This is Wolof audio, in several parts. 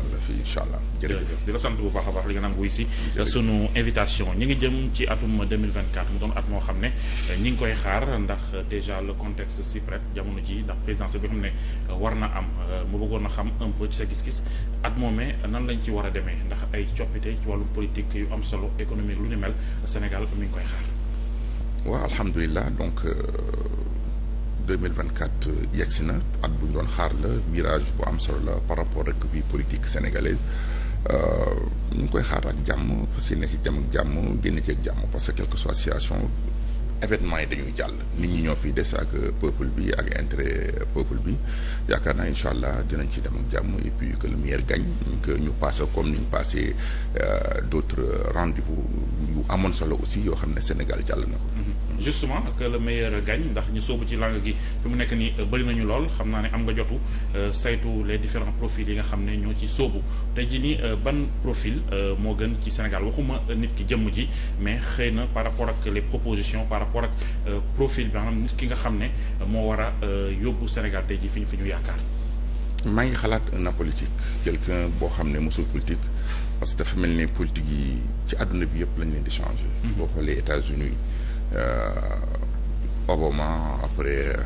ñëwaat na allah. jërëjëf di la sant bu baax a baax li nga nangu wuy si. Euh, sunu invitation ñi ngi jëm ci atum 2024 mu doon at moo xam ne euh, ñi ngi koy xaar ndax euh, déjà le contexte si prête jamono ji ndax présidence bi xam ne war na am mu bëggoon a xam un sa gis-gis at moomee nan lañ ci war a demee ndax ay coppite ci wàllum politique yu am solo économique lu ni mel Sénégal mi ngi koy xaar. waaw alhamdulilah donc. deux mille vingt quatre euh, yegsi na at bu ñu doon xaar la virage bu am solo la par rapport ak vie politique sénégalaise euh, ñu ngi koy xaar ak jàmm fas ne ci jàmm ak jàmm génn ci ak jàmm parce que quelle que soit situation événement yi dañuy jàll nit ñi ñoo fiy des ak peuple bi ak intérêt peuple bi yaakaar naa incha allah dinañ ci dem ak jàmm et puis que le meilleur gagne que ñu passé comme ni ñu passé euh, d' autres rendez-vous yu amoon solo aussi yoo xam ne Sénégal jàll na ko. justement que le meilleur gagne ndax ñu soobu ci langue gi fi mu nekk nii euh, bari nañu lool xam naa ne am nga jotu euh, saytu les différent profils yi nga xam ne ñoo ci soobu te jii nii euh, ban profil moo gën ci Sénégal waxuma nit ki jëmm ji mais xëy na par rapport ak les propositions par rapport ak profil bi ki nga xam ne moo war a yóbbu Sénégal tey jii fi ñu fi ñu yaakaar. maa ngi xalaat na apolitique quelqu'un boo xam ne mosul politique parce que dafa mel ne politique yi ci àdduna bi yëpp lañ leen di changer. Mm-hmm. boo xoolee États-Unis Euh, Obama après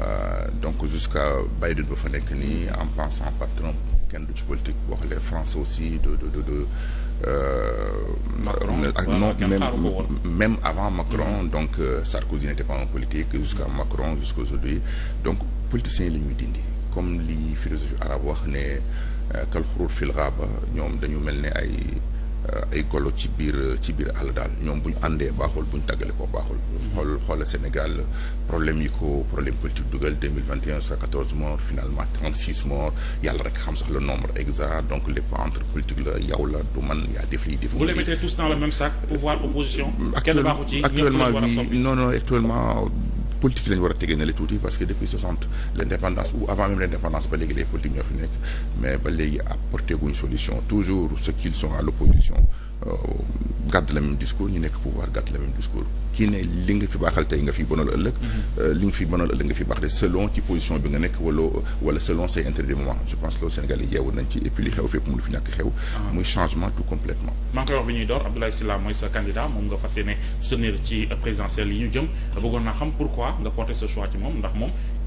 euh, donc jusqu'à Biden ba fa nekk nii en pensant par Trump kenn du ci politique boo France aussi de de de de. Euh, avant Macron mm-hmm. donc Sarkozy n'était pas un politique jusqu'à Macron jusqu'à aujourd'hui donc politiciens yi la dindi comme li philosophie arabe wax ne kal xuruur fil ghaaba ñoom dañu mel ne ay. ay golo ci biir ci biir àll daal ñoom bu ñu àndee baaxul bu ñu tàggale ko baaxul. xool xoola Sénégal problème yi ko problème politique dugal deux mille vingt et un cent quatorze finalement trente six morts yàlla rek xam sax le nombre exact donc lépp entre politique la yow la du man yaa def lii def. vous les mettez actuellement. politique la ñu war a tege na le tuuti parce que depuis soixante l'indépendance ou avant même l'indépendance ba léegi les politiques ñoo fi nekk mais ba léegi apporté guñ solution toujours ce qu'ils sont à l'opposition Euh, gàdd le même discours ñu nekk pouvoir gàdd le même discours kii ne li nga fi baaxal tey nga fi bonal ëllëg mm-hmm. euh, li nga fi bonal ëllëg nga ci position bi nga nekk wala wala selon ses je pense loolu Sénégal yeewu nañ ci et xew fépp mu lu fi ñàkk xew ah. muy changement tout complètement maa bi ñuy door Abdoulaye Sylla mooy sa candidat moom nga fas yéene soutenir ci présidentielle yi ñu jëm bëggoon naa xam pourquoi nga porté ce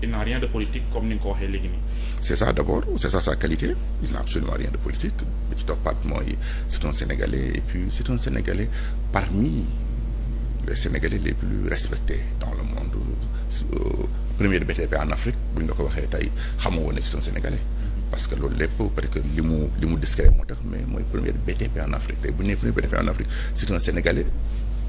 il rien de politique comme ni nga ko waxee léegi nii. c'est ça d'abord c'est ça sa qualité il n'a absolument rien de politique bi ci toppaat mooy c'est un Sénégalais et puis c'est un Sénégalais parmi les Sénégalais les plus respectés dans le monde euh, premier de BTP en Afrique bu ñu ko waxee tey xamoo woon ne c'est un Sénégalais. Mm-hmm. parce que loolu lépp parce que li mu li mu discret moo tax mais mooy premier BTP en Afrique tey bu ñu nee BTP en Afrique c'est un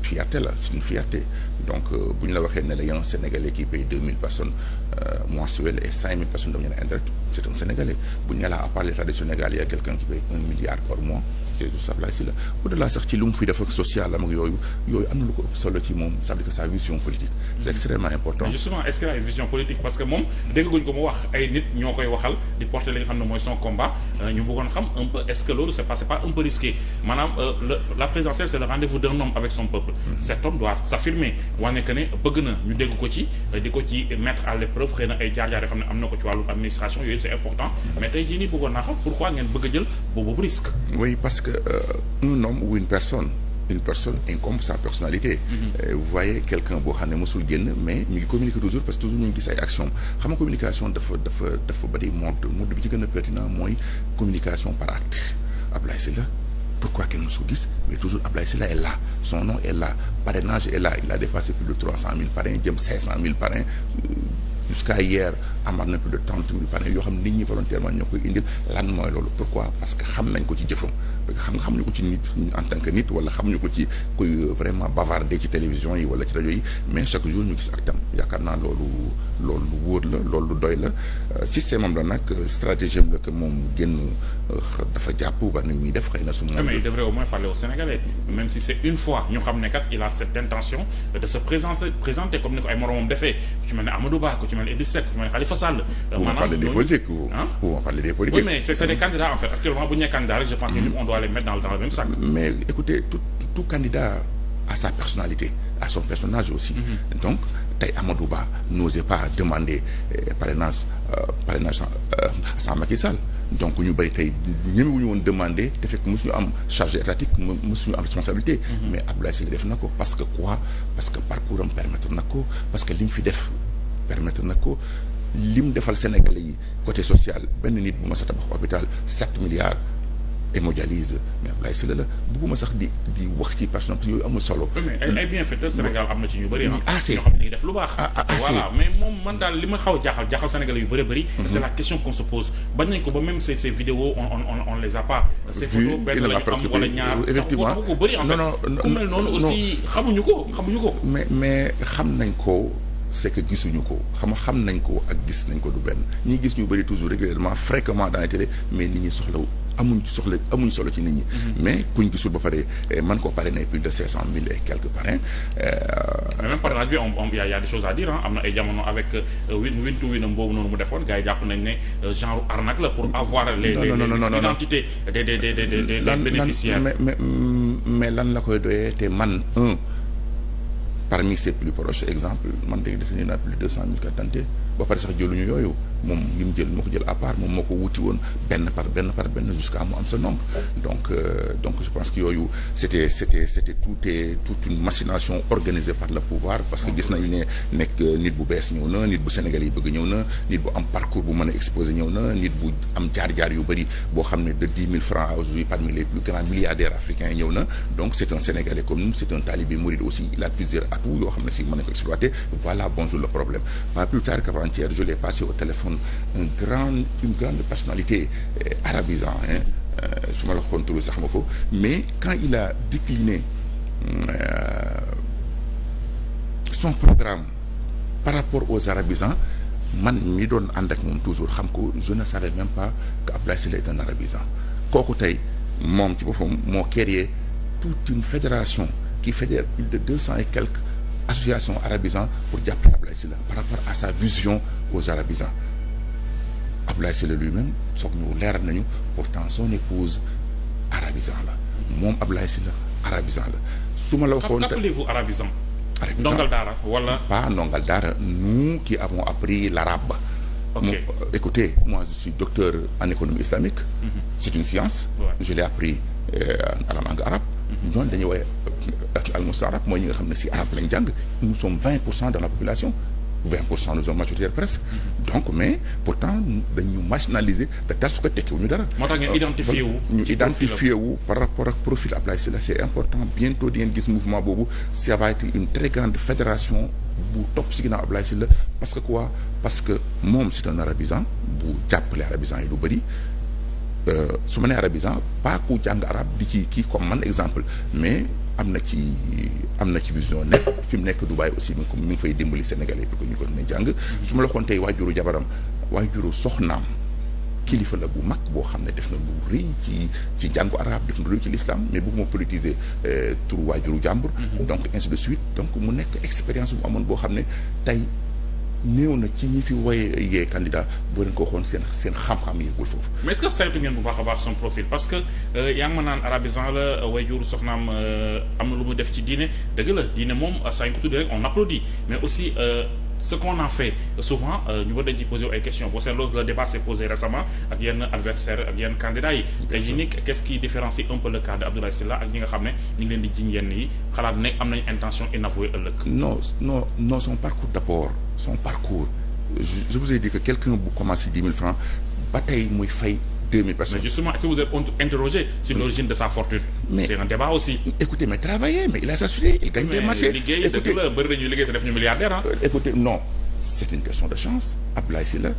fierté la c'est une fierté donc euh, bu ñu la waxee ne la y a un Sénégalais qui paye deux mille personnes euh, mensuelles et cinq mille personnes de manière indirecte c'est un Sénégalais bu ñu ne la à part l'État du Sénégal quelqu'un qui paye un milliard par mois Seydou Sablaye Sylla au-delà sax ci lu mu fi def ak social am ak yooyu yooyu am na lu ko ëpp solo ci moom ça veut dire que sa vision politique c'est extrêmement important. mais justement est-ce qu'il a une vision politique parce que moom dégguñ ko mu wax ay nit ñoo koy waxal di porter li nga xam ne mooy son combat euh, ñu bëggoon xam un peu est-ce que loolu c'est pas c'est pas un peu risqué maanaam euh, la présidentielle c'est le rendez-vous d'un homme avec son peuple. Mm-hmm. cet homme doit s'affirmer wane que ne bëgg na ñu dégg ko ci euh, di ko ci mettre à l'épreuve xëy na ay jaar-jaar yoo xam ne am na ko ci wàllu administration yooyu c'est important mm-hmm. mais tey jii nii bëggoon naa xam pourquoi ngeen bëgg a jël boobu risque. oui parce que que euh, un homme ou une personne mm-hmm. euh, boo xam ne mosul génn mais mi ngi communiquer toujours parce que ñu gis ay action xam nga communication dafa dafa dafa bari mode mode bi ci gën a pertinent mooy communication par acte là il a dépassé plus de trois cent mille parrains jëm cinq cent euh, hier amaat na plus de trente mille parrains yoo xam nit ñi volontairement ñoo koy indil lan mooy loolu pourquoi parce que xam nañ ko ci jëfam parce que xam xamuñu ko ci nit en tant que nit wala xamuñu ko ci kuy vraiment bavarder ci télévision yi wala ci rajo yi mais chaque jour ñu gis ak tam yaakaar naa loolu loolu doy la système la nag stratégie la que moom génn euh, dafa jàpp ba nu muy def xëy na su moom il devrait au moins parler aux Sénégalais même si c'est une fois ñu xam ne il a cette intention de se présenter présenter comme ni ko ay moromam defee ku ci ne Amadou Ba ku ne Idriss Seck va les mettre dans, dans mais écoutez tout tout candidat à sa personnalité à son personnage aussi. Mm donc tey Amadou Ba n'osait pas demander eh, parrainage euh, parrainage sans, euh, sans Macky Sall donc ñu bëri tey ñemewuñu woon demander te fekk suñu am charge étatique suñu am responsabilité. Mm-hmm. mais Abdoulaye Sylla na ko parce que quoi parce que parcours am permettre na ko parce que li mu fi def permettre na ko. lim defal Sénégalais yi côté social benn nit bu ma sa tabax hôpital sept milliards hémodialyse mais Abdoulaye Sylla la bëgguma sax di di wax ci parce que yooyu amul solo. mais ay bienfaiteurs Sénégal am na ci ñu bëri ah. assez ah, lu baax. Ah, ah, mais moom man daal li ma xaw a jaaxal jaaxal sénégalais yu bëri bëri. Mhm. c'est la question qu'on se pose bañ ko ba même effectivement ko bëri en aussi xamuñu ko xamuñu ko. mais mais xam nañ ko. c'est gisuñu ko xam xam nañ ko ak gis nañ ko du benn ñi gis ñu bëri toujours régulièrement fréquemment dans la télé mais nit ñi soxlaw amuñ soxla amuñ solo ci nit ñi. Mhm. mais kuñ gisul ba pare eh, man koo pare nay plus de cinq cent mille et quelques parrains. Euh, mais même bi on on y a y a des à dire am na ay jamono avec euh, win wintu winam boobu noonu mu defoon gars yi jàpp nañ ne euh, genre arnaque la pour avoir. les les identités des des des des des bénéficiaires. mais mais mais lan la koy doyee te man un. parmi ses plus proches exemple man tey détenir naa plus de deux cent mille carte ba pare sax jëluñu yooyu. moom yi mu jël moo ko jël à part moom moo ko wuti woon benn par benn par benn jusqu'à mu am sa nombre donc euh, pense que yooyu c'était c'était c'était tout est toute une machination organisée par le pouvoir parce que gis nañu ne nekk euh, nit bu bees ñëw na nit bu Sénégal yi bëgg ñëw na nit bu am parcours bu mën a exposé ñëw na nit bu am jaar-jaar yu bëri boo xam ne de dix mille francs aujourd'hui parmi les plus grands milliardaires africains ñëw na donc c'est un Sénégalais doon un grand une grande personnalité euh, arabisant hein euh, su ma la xoon turu sax ma ko mais quand il a décliné euh, son programme par rapport aux arabisans man mi doon ànd ak moom toujours xam ko je ne savais même pas que Abdoulaye Sylla est un arabisant kooku tey moom ci boppam moo créé toute une fédération qui fédère plus de deux et quelques associations arabisans pour jàppale Abdoulaye Sylla par rapport à sa vision aux arabisans Abdoulaye Sylla lui-même soog ñu leeral nañu pourtant son épouse arabisant la moom Abdoulaye Sylla arabisant la su ma la waxoon. qu'appelez-vous arabisant. arabisant ndongal daara wala. pas ndongal daara nous qui avons appris l'arabe. ok Mon, euh, écoutez moi je suis docteur en économie islamique. Mm -hmm. c'est une science. Ouais. je l'ai appris euh, à la langue arabe. Mhm. Euh, mooy ñi nga xam ne si arabe lañ jàng nous sommes 20 pour cent de la population. vingt pour cent nous sommes majoritaires presque donc mais pourtant dañu marginaliser de telle sorte que tekkiwuñu dara moo tax euh, ñu identifié wu par rapport ak profil Abdoulaye Sylla c'est important bientôt di ngeen gis mouvement boobu ça va être une grande fédération bu topp si ginnaaw Abdoulaye Sylla parce que quoi parce que moom c'est un arabisant bu jàppale arabisant yi lu bëri euh, su ma nee arabisant pas ku jàng arab di ci kii comme man exemple mais am na ci am na ci vision net fi mu nekk Dubaï aussi mi ngi mi fay dimbali Sénégalais bi ko ñu ko dina jàng su ma la xoon tey waajuru jabaram waajuru soxnaam kilifa la bu mag boo xam ne def na lu rëy ci ci jàngu arab def na lu rëy ci l'islam mais bëgguma politiser euh, tur waajuru jàmbur mm-hmm. donc ainsi de suite donc mu nekk expérience bu amoon boo xam ne tey néew na ci ñi fi woyee yee candidat boo leen ko waxoon seen seen xam-xam yeegul foofu. mais est-ce que saytu ngeen bu baax a baax son profil parce que euh, yaa ngi ma naan arabisant la euh, wayjur soxnaam euh, am na lu mu def ci diine dëgg la diine moom saa ñu ko tuddee rek on applaudit mais aussi. ce qu'on a fait souvent euh, ñu war dañ ci posé ay questions boo seetloo le débat s'est posé récemment ak yenn adversaire ak yenn candidats yi léegi nii qu'est-ce qui différencie un peu le cas de Abdoulaye ak ñi nga xam ne ñu leen di jiñ yenn yi xalaat ne am nañ intention inavouée ëllëg non non son parcours d'abord son parcours je vous ai dit que quelqu'un bu commencé dix mille francs ba tey muy fay deux mille personnes. mais justement est-ce que vous êtes interrogé sur l'origine de sa fortune. mais écoutez mais travailler mais il a sa société il gagne des marchés. Euh, écoutez non c'est une question de chance Abdoulaye Sylla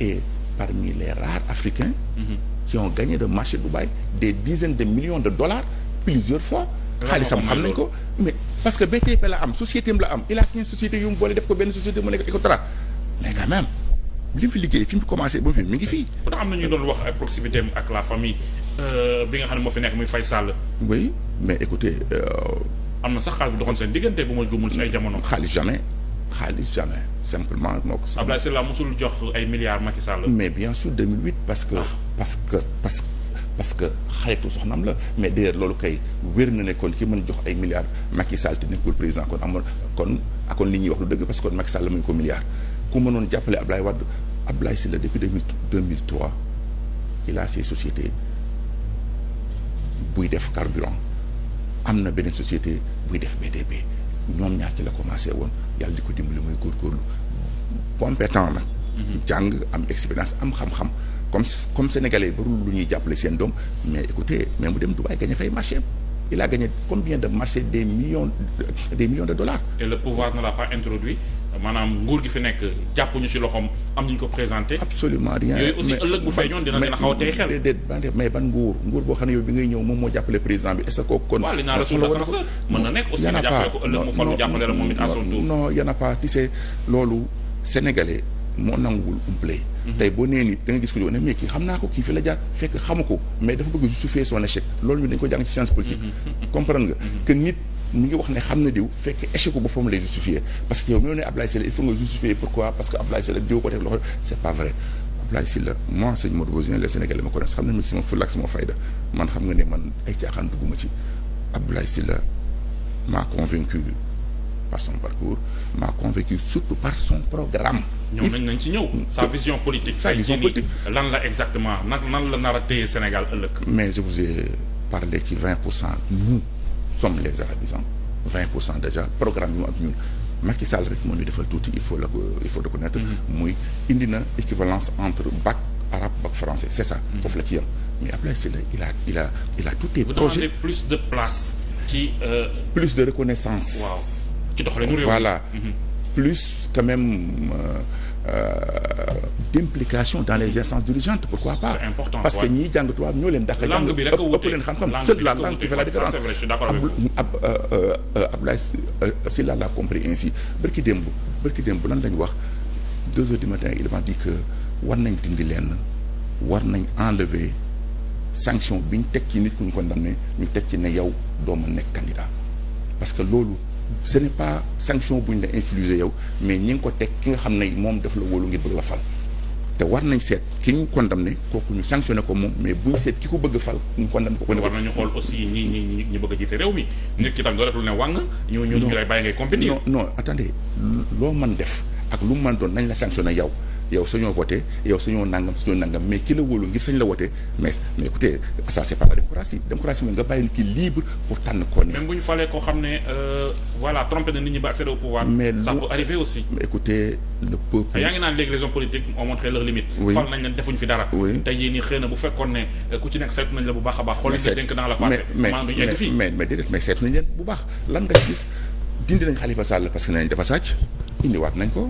est parmi les rares Africains. Mm-hmm. qui ont gagné le marché Dubaï des dizaines de millions de dollars plusieurs fois. xaalisam xam nañ ko mais parce que BTP la am société am am il a quinze sociétés yu mu def ko benn société mu nekk Ecotra mais quand même. li mu fi liggéey fi mu commencé ba mu fi mi ngi fii. kon am na ñu doon wax ay proximité ak la famille euh, bi nga xam ne moo fi nekk muy Faye Sall. oui mais écoutez. Euh, am na sax xaalis bu seen diggante bu ma juumul ci ay jamono. xaalis jamais xaalis jamais simplement moo ko. Abdoulaye Sylla mosul jox ay milliards Macky Sall. mais bien sûr que. Ah. parce que parce que parce que xaritu soxnaam la mais d'ailleurs loolu kay wér na ne kon ki mën jox ay milliards Macky Sall te nekkul président kon amoon kon akoon li ñuy wax lu dëgg parce que kon Macky Sall la muy ko milliards. ku mënoon jàppale ab Ablaye Wade Ablaye Sylla depuis deux mille deux mille trois il a ses sociétés buy def carburant am na beneen société buy def BTP ñoom ñaar ci la commencé woon yàlla di ko dimb dimbali mooy góorgóorlu compétent nag. Mhm. jàng am expérience am xam-xam comme comme sénégalais barul lu ñuy jàppale seen doom mais écoutez mais mu dem Dubaï gañ fay marché il laa gagné combien de marchés des millions des millions de dollars. et la pouvoir ne l'a pas introduit. maanaam nguur gi fi nekk jàppuñu ci loxoom am ñu ko présenté. absolument rien yooyu ëllëg bu feeñoon dina gën a xaw ban nguur nguur boo xam ne yow bi ngay ñëw moom moo jàppale président bi est-ce que kooku na nekk aussi nga jàppale loolu sénégalais moo nanguwul umpale. Mhm. tey boo nee nit da gis ko jóg ne mais kii xam naa ko kii fi la jaar fekk xamu ko mais dafa bëgg justifier son échec loolu ñu dañ ko jàng ci science politique mhm. comprendre nga mhm. que mu ngi wax ne xam na diw fekk échec ko boppam lay justifier parce que yow mi ne Ablaye Sylla il faut nga justifier pourquoi parce que Ablaye Sylla diw ko teg loxo c'est pas vrai Ablaye Sylla moi sëñ Modou Bozien les Sénégalais ma connaissent xam nañ ma ci sama fulla ak sama fayda man xam nga ne man ay caaxaan dugguma ci Ablaye Sylla m'a convaincu par son parcours m'a convaincu surtout par son programme. ñëw nañ nañ ci ñëw. sa vision politique. sa vision lan la exactement nan nan la nar a téye Sénégal ëllëg. mais je vous ai ci vingt pour cent sommes les arabisants vingt pour déjà programme ñu ak ñun Macky moo ñu defal tuuti il faut la mm-hmm. muy indi équivalence entre bac arabe bac français c'est ça mm-hmm. foofu la ci yem mais après c'est là il a il a il a plus de place euh, plus de reconnaissance voilà mm-hmm. plus quand même euh, d'implication euh, dans les instances dirigeantes pourquoi pas. parce que ñiy jàng tubaab ñoo leen dàq. a ëpp leen xam-xam c'est la langue qui fait la différence. ab euh, euh, l'a compris ainsi bërki démb bërki démb lan lañ wax deux heures du matin il m'a dit que war nañ dindi leen war nañ enlever sanction bi ñu teg ci nit ku ñu condamné ñu teg ci ne yow doo ma nekk candidat parce loolu. ce n'est pas sanction bu ñu la infliger yow mais ñi ngi ko teg ki nga xam ne moom def la woolu ngir bëgg la fal te war nañ seet ki ñu ne kooku ñu sanctionné ko moom mais buñ seet ki ko bëgg fal ñu condamné ko. ne war nañu xool aussi ñi ñi ñi bëgg a jiite réew mi nit ki tam doo def lu ne wàng. ñu ñu ñu lay bàyyi ngay compétir. non non attendez loo man def ak lu mën doon nañ la sanctionné yow. yow sañoo voté yow sañoo nangam sañoo nangam mais ki la wóolu ngir sañ la voté mais mais écoutez ça c'est pas la ne. même bu ñu falee ko xam ne euh, voilà trompé na nit ñi ba mais ça mais dara. oui tey jii nii bu fekkoon ne euh, ku ci nekk saytu nañ a baax. xool nga dénk dans la passé. mais mais mais mais mais déedéet mais saytu nañ leen bu baax lan nga gis dindi nañ Khalifa Sall parce que nañ dafa sàcc indiwaat nañ ko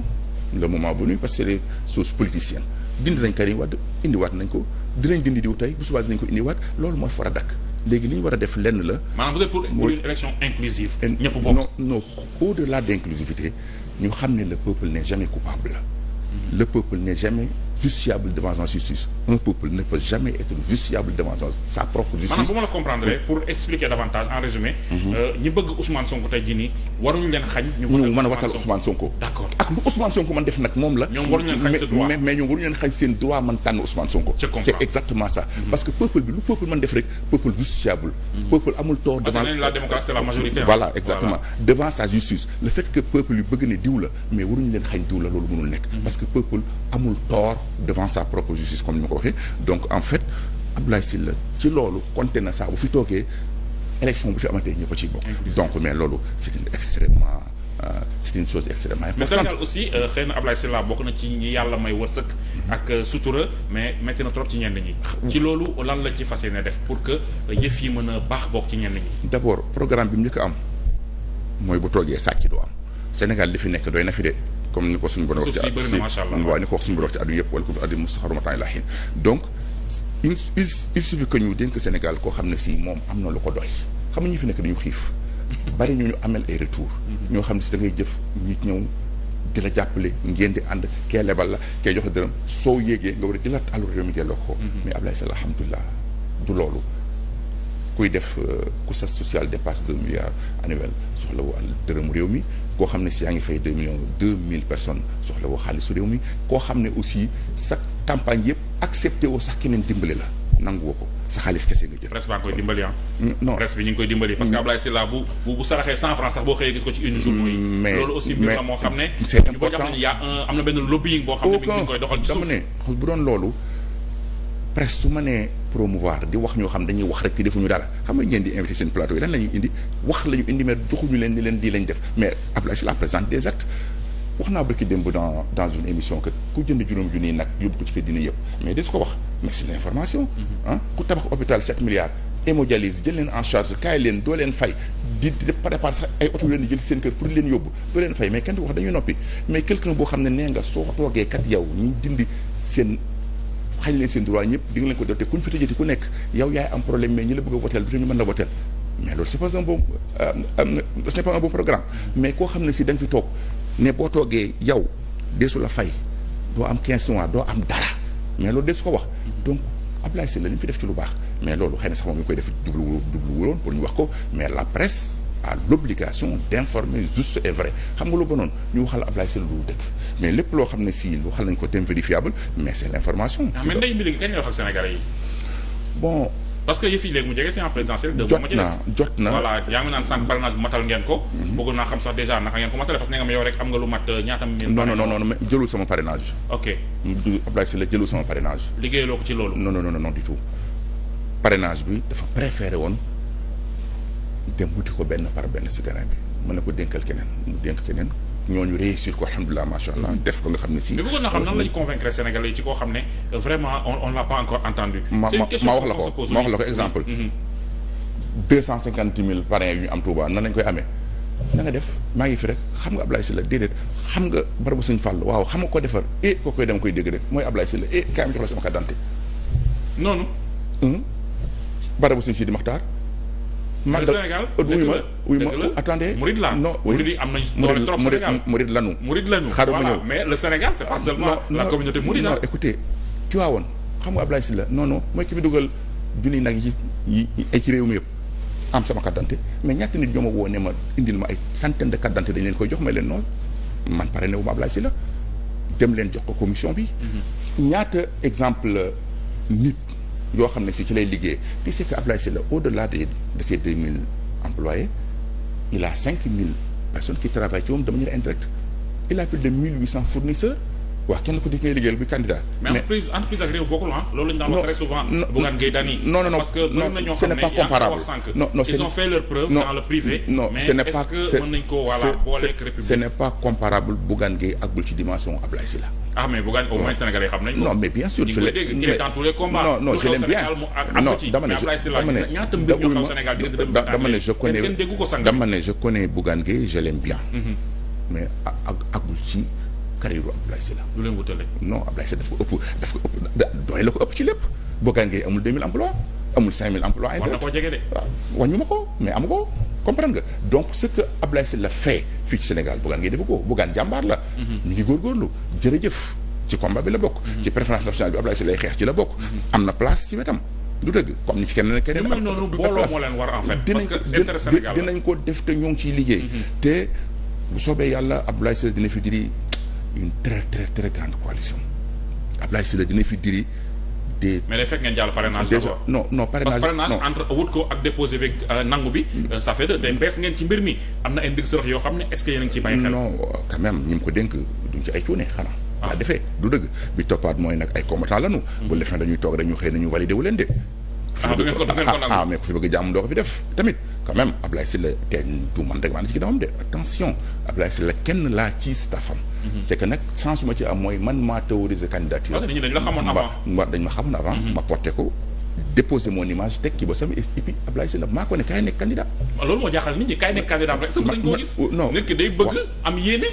le moment venu parce que c'est des sources politiciennes dindi nañ Karim Wade indiwaat nañ ko dinañ dindi diw tey bu subaa dinañ ko indiwaat loolu moo mooy a dakk léegi li ñu war a def lenn la. maanaam vous êtes pour une élection inclusive. ñëpp bokk non non au-delà d'inclusivité ñu xam ne le peuple n'est jamais coupable. le peuple n'est jamais. justiciable devant sa justice un peuple ne peut jamais être justiciable devant sa propre justice. Mhm. Euh, ñi bëgg Ousmane Sonko tey jii waruñu leen xañ. seen droit man tànn Ousmane Sonko. c'est exactement ça. Mhm. parce que peuple bi lu peuple man def rek peuple justiciable. Mhm. peuple amul tort ah, devant sa justice le fait que peuple yu bëgg ne diw mais waruñu leen xañ diw loolu mënul nekk parce que peuple amul tort devant sa propre justice comme ni ma ko waxee donc en fait Abdoulaye Sylla ci loolu compté na saa bu fi toogee élection bu fi amatee ñëpp a ci bokk. donc mais loolu c'est une extrêmement euh, c'est une chose extrêmement importante. mais Sénégal aussi euh, xëy na Abdoulaye Sylla bokk na ci ñi yàlla may wërsëg. ak euh, sutura mais métti trop ci ñenn ñi. ci loolu lan la ci fas ne def pour que yëf yi mën a baax bokk ci ñenn ñi. d'abord programme bi mu njëkk am mooy bu toogee sàcc du am Sénégal di fi nekk doy na fi de. comme ni ko suñu borom wax ci waaw ni ko wax suñu borom wax ci àdduna yëpp wala ko fi àdduna mustaxaru ma temps la xiin donc il il suffit que ñu dénk Sénégal koo xam ne si moom am na lu ko doy xam nga ñu fi nekk dañu xiif bari ñu ñu amel ay retour mhm. ñoo xam ne si da ngay jëf nit ñëw di la jàppale ngeen di ànd kee lebal la kee joxe dërëm soo yéegee nga war a jëlaat àllu réew mi delloo ko mhm. mais Ablaye Sall alhamdulilah du loolu kuy def couche sociale dépasse deux milliards annuel soxla wu dërëm réew mi koo xam ne si yaa ngi fay deux millions deux mille personnes soxla woo xaalis su réew mi koo xam ne aussi sa campagne yëpp accepté woo sax keneen dimbali la nangu woo ko sa xaalis kese nga jël. presse baa ngi koy dimbali am na benn lobbying boo xam ne. bi ñu koy doxal ci suuf dama ne bu doon loolu presse su ma nee promouvoir di wax ñoo xam dañuy wax rek te defuñu dara xam ngeen di invité plateau yi lan indi wax la indi mais joxuñu leen di lañ def mais Abdoulaye Sylla présente des actes wax naa wax mais c'est l'information mhm. ah en charge kaay leen doo leen fay di di préparer sax ay oto yu leen di jël seen kër pour leen yóbbu doo leen fay mais kenn du wax dañuy noppi mais quelqu'un boo xam ne nee nga soo toogee kat ñu dindi seen xañ leen seen droit ñëpp di nga leen ko def te kuñ fi tëjati ku nekk yow yaay am problème mais ñi la bëgg a votel du ñu mën la votel mais loolu c'est pas euh, programme mais koo xam ne si da nga fi toog ne boo toogee yow deesu la fay doo am 15 mois doo am dara mais loolu deesu ko wax donc Ablaye Sylla li mu fi def ci lu baax mais loolu xëy na sax moom mi ngi koy def jubluwu jubluwuloon pour ñu wax ko mais la presse a l'obligation d'informer juste et vrai xam nga lu bonoon ñu waxal Ablaye Sylla lu dëkk mais lépp loo xam ne si waxal nañ ko dem vérifiable mais c'est l'information. Ah, mais ndey mbir gi kañ la wax ak Sénégalais yi. bon. jot na jot na voilà yaa ngi naan sànq parrainage bu matal ngeen ko. Mhm. bëggoon naa xam sax déjà naka ngeen ko matale parce que nee nga ma yow rek am nga lu mat euh, ñaata. non jëlul sama parrainage. ok du jëlul sama parrainage. liggéeyaloo ko ci loolu. non no non non du tout parrainage bi dafa préféré woon dem wuti ko benn par benn si terrain bi mën na ko dénkal keneen mu dénk keneen ñooñu réussir ko alhamdulilah macha allah mm-hmm. def ko nga xam ne si. mais bëggoon na xam euh, nan lañu convaincre Sénégalais yi ne euh, vraiment on on l'a pas encore entendu. ma ma wax la ko ma wax la ko exemple. Mm-hmm. Mm-hmm. deux cinquante mille parrains yu ñu am Touba na lañ koy amee. na nga def maa ngi fi rek xam nga Ablaye la déedéet xam nga barabu suñ Fall waaw xam nga ko defar eh ko koy dem koy dégg rek mooy Ablaye la eh kaay ma jox la sama carte d'identité. noonu. barabu Sëñ Sidi Maxtaar. magal euh, a dëgg la wuy ma attendez Mouride la non am nañu doole trop Sénégal Mouride lanu Mouride lanu xaaral ma ñëw mais le Sénégal c'est pas ah, seulement la communauté Mouride non écoutez Tivaouane xam nga Abdoulaye Sylla non non mooy ki fi dugal junni nag yi yi ay ci réew mi yëpp am sama carte mais ñaata nit ñoo ma woo ne ma indil ma ay centaine de carte d'identité dañ leen koy jox may leen noonu man pare ne wu ma Abdoulaye Sylla dem leen jox ko commission bi mm-hmm. ñaata exemple nit yoo xam ne si ci lay liggéey di c'est que Ablaye Sylla au-delà de de ces deux mille employés il a cinq mille personnes qui travaillent ci moom de manière indirecte il a plus de mille huit cent fournisseurs waaw kenn ku di ngay liggéeyal bu candidat. mais entreprise entreprise ak réew ne yaa ngi ko wax ce n'est pas ce que pas comparable Bougane Gueye àggul ci dimension Ablaye Sylla ah mais Bougane au moins Sénégalais xam nañ. non mais bien sûr je l' ai mais non non je l' aime bien non dama ne dama ne dama ne je connais dama ne je connais Bougane Gueye je l' aime bien. Mhm. mais agul ci carrière Abdoulaye Sylla. lu leen wutale. non Abdoulaye daf ko ëpp daf ko ëpp doy la ko ëpp ci lépp Bougane amul 2000 emplois amul 5000 emplois. ay dërët war na koo jege de. ma ko mais amu ko. comprendre nga donc ce que Ablaye Sylla fait fii ci Sénégal Bougane ngay defu ko Bougane jàmbaar la mhm. ñu ngi góorgóorlu jërëjëf ci combat bi la bokk mhm. ci préférence nationale bi Ablaye Sylla lay xeex ci la bokk mhm. am na place ci wetam du dëgg comme ni ci keneen keneen am noonu booloo moo leen war la dinañ ko def te ñoo ngi ciy liggéey te bu soobee yàlla Ablaye Sylla dina fi diri une très très grande coalition Ablaye Sylla dina fi diri des. mais day fekk ngeen jàll parrainage déjà non non parrainage. non parce que parrainage entre wut ko ak déposé beeg euh, nangu bi. Mm. Euh, ça fait deux day bees ngeen ci mbir mi am na ay ndig sërëx yoo xam ne est ce que yéen a ngi ciy bàyyi xel. non quand même ñu ngi ko dénk duñ ci ay cuune xanaa. waaw ah. defee du dëgg bi toppaat mooy nag ay combattant lanu. Mm. bu la defee dañuy toog dañu xëy nañu validé wu leen de. ah du ngeen ko du ngeen ko ah, ah, ah mais ku fi bëgg jàmm doo ko fi def tamit. quand même Ablaye Sylla te du man rek maa ne ci ginnaawam de attention Ablaye Sylla kenn laa ci staffam Mhm. c' est que nag chance am mooy man maa théoriser candidature. waaw ah, dañu la xamoon avant ma dañ ma xamoon avant. Mhm. ma porté ko déposer mon image tekki ba sama équipe Ablaye Sylla maa ko ne kaay nekk candidat. Ah, loolu moo jaaxal nit ñi kaay nekk candidat rek. ma ma non nit ki day bëgg am yéene.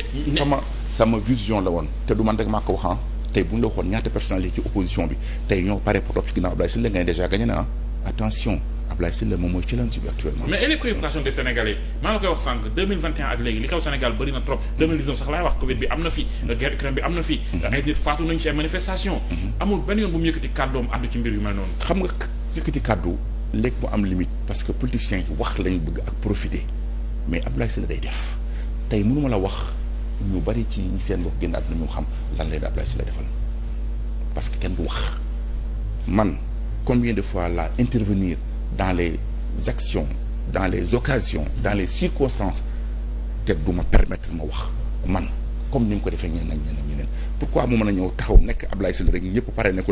sama la woon te du man rek maa ko wax ah. bu ñu la waxoon ñaata personnalité ci opposition bi tey ñoo pare pour topp ci nga ne déjà gagné na attention. Abdoulaye Sylla moom mooy challenge bi actuellement. mais et les préoccupations des Sénégalais maa la koy wax sànq 2021 ak léegi li xew Sénégal bëri na trop 2019 sax laay wax Covid bi am na fi. guerre Ukraine bi am na fi. Mm-hmm. ay nit faatu nañu ci ay manifestations. Mm-hmm. amul benn yoon bu mu yëkkati kàddoom ànd ci mbir yu mel noonu. xam nga yëkkati kàddu léeg mu am limite parce que politiciens yi wax lañ bëgg ak profiter mais Abdoulaye Sylla day def tey mënuma la wax ñu bari ci seen bopp gën a àdduna ñu xam lan lay Abdoulaye Sylla defal parce que kenn bu wax man combien de fois la intervenir dans les actions dans les occasions dans les circonstances te du ma permettre ma wax man comme ni mu ko defee ñeneen ak ñeneen ñeneen pourquoi mu mën a ñëw taxaw nekk Ablaye Sylla rek ñëpp pare ne ko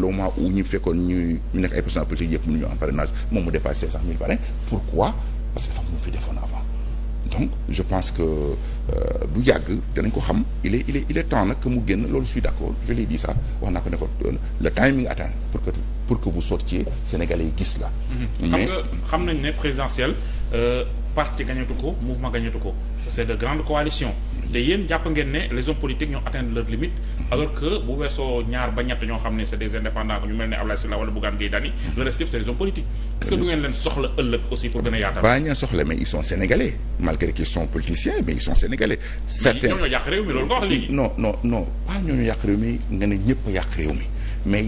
fekkoon ñu ñu nekk ay personnalités politiques yëpp mënuñu am parrainage moom mu dépassé cinq cent mille parrain pourquoi parce que dafa am lu fi defoon avant donc je pense que euh, du yàgg danañ ko xam il est il est temps nag que mu génn loolu je suis d'accord je l'ai dit ça wax naa ko ne ko euh, timing atteint pour que pour que vous sortiez sénégalais yi gis la. Mhm. mais xam nga xam nañ ne présidentielle euh, parti gañatu ko mouvement gañatu ko. c'est de grandes coalitions te yéen jàpp ngeen ne les hommes ñoo atteindre leur limite alors que bu weesoo ñaar ba ñett ñoo xam ne c'est des indépendants ñu mel ne Abdoulaye Sylla wala Bougane Gueye Dany le reste yëpp c'est des hommes politiques est-ce du ngeen leen soxla ëllëg aussi pour gën a yaatal réew mi loolu nga ne ñëpp yàq réew mi mais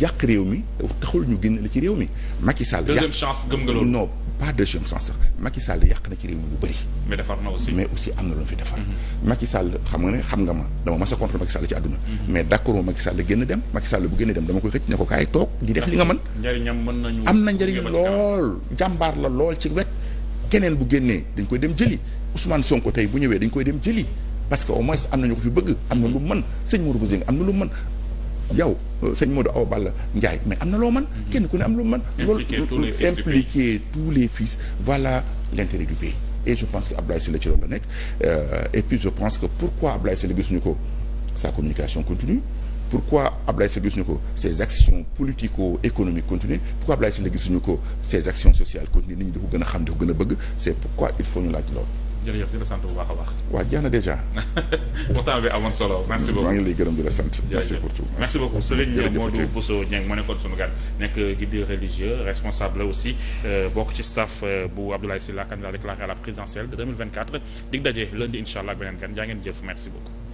yàq réew mi taxul ñu génn la ci réew mi Macky Sall deuxième chance gëm pas de deuxième sens sax Macky yàq na ci réew mi lu bëri. mais aussi am na lu fi defar. Mm-hmm. Macky xam nga ne xam nga ma dama mas a contre Macky Sall ci àdduna. Mm-hmm. mais d' accord Macky Sall génn dem Macky Sall bu génn dama koy xëcc ne ko kaay toog di def li nga mën. am na njëriñ lool jàmbaar la lool ci wet. keneen bu génnee dañ koy dem jëli Ousmane Sonko tey bu ñëwee dañ koy dem jëli parce que au moins am nañu ko fi bëgg am na lu mën sëñ Mourou Bousso yow euh, sëñ aw Awa Balla Ndiaye mais am na loo man mhm. kenn ku ne am loo man loolu impliquer tous les fils voilà l'intérêt du pays et je pense que Abdoulaye Sylla ci loolu la nekk euh, et puis je pense que pourquoi Abdoulaye Sylla gisuñu ko sa communication continue pourquoi Abdoulaye Sylla gisuñu ko ses actions politico-économiques continuent pourquoi Abdoulaye Sylla gisuñu ko ses actions sociales continuent nit ñi di ko gën a xam di ko gën a bëgg c'est pourquoi il faut ñu laaj loolu jërëjëf di la déjà. merci beaucoup maa ngi lay gërëm di sunu gan nekk guide religieux responsable aussi euh, bokk ci staff euh, bu Abdoulaye Sylla candidat déclaré la présidentielle de dig daje lundi incha allah beneen gan jaa ngeen jëf merci beaucoup.